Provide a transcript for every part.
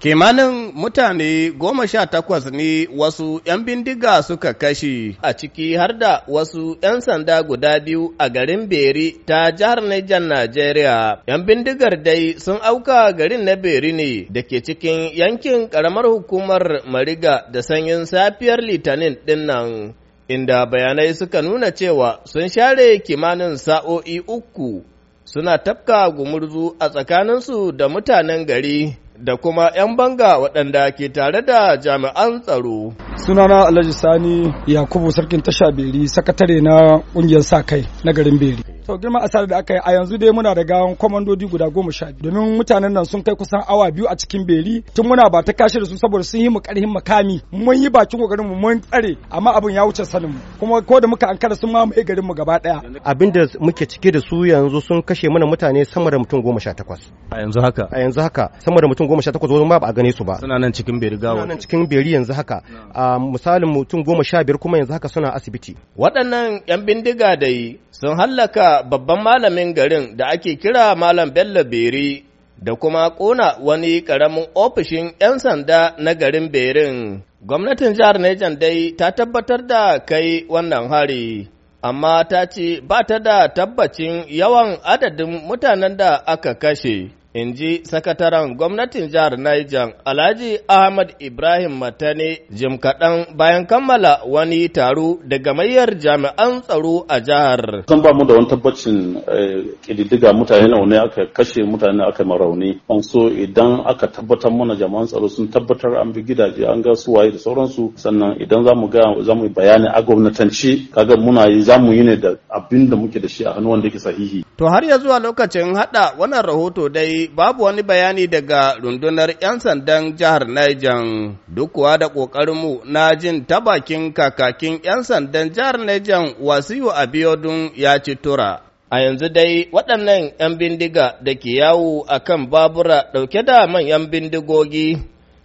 Kimanin mutane goma sha takwas ne wasu ‘yan bindiga suka kashe a ciki har da wasu ‘yan sanda guda biyu a garin Beri ta jihar Nijar Najeriya. ‘Yan bindigar dai sun auka garin na Beri ne da ke cikin yankin ƙaramar hukumar Mariga da sanyin safiyar Litinin ɗin nan. Inda bayanai suka nuna cewa sun share kimanin sa'o'i uku suna tafka gumurzu a tsakaninsu da mutanen gari. da kuma 'yan banga waɗanda ke tare da jami'an tsaro. sunana alhaji sani yakubu sarkin tasha beri sakatare na kungiyar sa kai na garin beri to girma asarar da aka yi a yanzu dai muna da gawan komandodi guda goma sha biyu domin mutanen nan sun kai kusan awa biyu a cikin beri tun muna ba ta kashe da su saboda sun yi mu karhin makami mun yi bakin kokarin mu mun tsare amma abin ya wuce sanin mu kuma ko da muka ankara sun mamaye garin mu gaba daya abinda muke cike da su yanzu sun kashe mana mutane sama da mutum goma sha takwas a yanzu haka a yanzu haka sama da mutum goma sha takwas wani ma ba a gane su ba suna nan cikin beri gawa suna nan cikin beri yanzu haka A misalin mutum goma sha biyar kuma yanzu haka suna asibiti. Waɗannan 'yan bindiga da yi sun hallaka babban malamin garin da ake kira Malam Bello Beri da kuma ƙona wani ƙaramin ofishin 'yan sanda na garin Berin. Gwamnatin jihar nijan dai ta tabbatar da kai wannan hari. Amma ta ce ba ta da tabbacin yawan adadin mutanen da aka kashe. in ji sakataren gwamnatin jihar Niger Alhaji Ahmad Ibrahim Matane jim kaɗan bayan kammala wani taro da gamayyar jami'an tsaro a jihar. Sun ba mu da wani tabbacin eh, ƙididdiga mutane nawa ne aka kashe mutane aka marauni. An so idan aka tabbatar mana jami'an tsaro sun tabbatar an bi gidaje an ga su waye da sauransu sannan idan za mu ga za mu bayani a gwamnatanci kaga muna yi za mu yi ne da abin da muke da shi a hannu wanda ke sahihi. To har ya zuwa lokacin haɗa wannan rahoto dai babu wani bayani daga rundunar 'yan sandan jihar Niger duk kuwa da ƙoƙarinmu na jin ta kakakin 'yan sandan jihar Niger wasiyu abiodun ya ci tura. A yanzu dai waɗannan 'yan bindiga da ke yawo a kan babura ɗauke da manyan bindigogi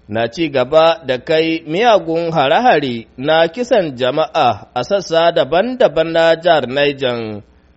na ci gaba da kai miyagun hare-hare na kisan jama'a a sassa daban-daban na jihar Niger.